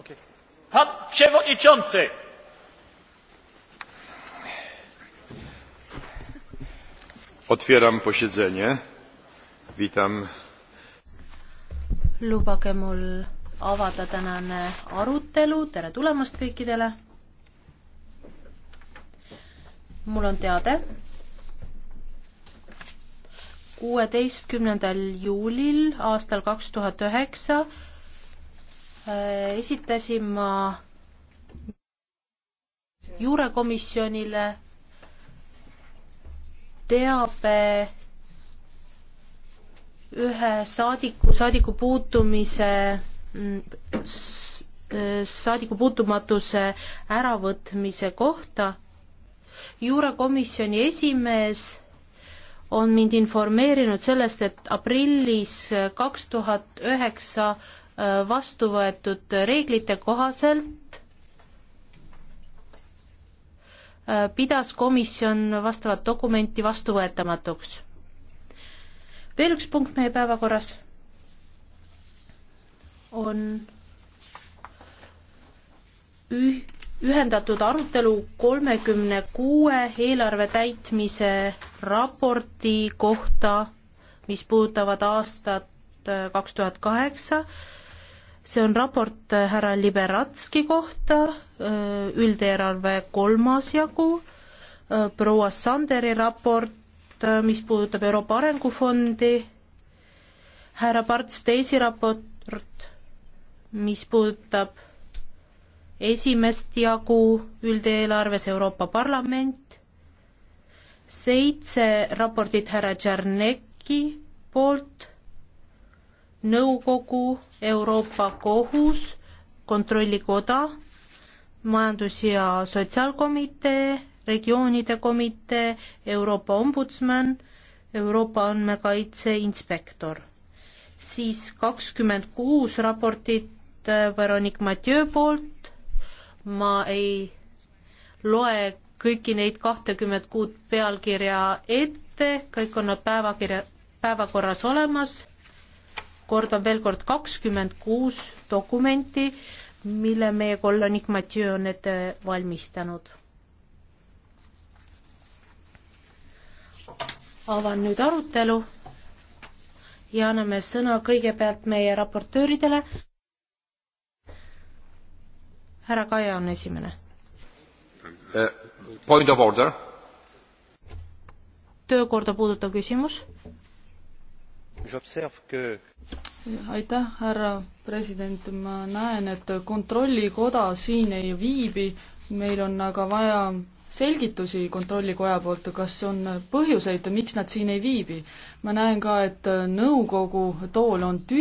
Okay. Pan przewodniczący! Otwieram posiedzenie. Witam. Lubage mul avada tänane arutelu. Tere tulemast kõikidele. Mul on teade. 16. juulil aastal 2009 Äh, esitasin ma juurekomisjonile teabe ühe saadiku, saadiku puutumise, mm, äh, saadiku puutumatuse äravõtmise kohta. juurekomisjoni esimees on mind informeerinud sellest, et aprillis kaks tuhat üheksa Äh, vastu võetud reeglite kohaselt äh, pidas komisjon vastavat dokumenti vastuvõetamatuks. veel üks punkt meie päevakorras on üh-, ühendatud arutelu kolmekümne kuue eelarve täitmise raporti kohta, mis puudutavad aastat äh, kaks tuhat kaheksa see on raport äh, härra Liberatski kohta, äh, üldeelarve kolmas jagu, äh, proua Sanderi raport, mis puudutab Euroopa Arengufondi, härra Parts teisi raport, mis puudutab esimest jagu üldeelarves Euroopa Parlament, seitse raportit härra Tšernecki poolt nõukogu, Euroopa Kohus, Kontrollikoda, Majandus- ja Sotsiaalkomitee, Regioonide Komitee, Euroopa Ombudsman, Euroopa Andmekaitse Inspektor. siis kakskümmend kuus raportit äh, Veronique Mathieu poolt, ma ei loe kõiki neid kahtekümmet kuut pealkirja ette, kõik on nad päevakirja, päevakorras olemas kordan veel kord, kakskümmend kuus dokumenti, mille meie kolleeg Mathieu on ette valmistanud. avan nüüd arutelu ja anname sõna kõigepealt meie raportööridele. härra Kaja on esimene uh,. Point of order. töökorda puudutav küsimus aitäh, härra president, ma näen, et kontrollikoda siin ei viibi, meil on aga vaja selgitusi Kontrollikoja poolt, kas on põhjuseid, miks nad siin ei viibi. ma näen ka, et nõukogu tool on tühi.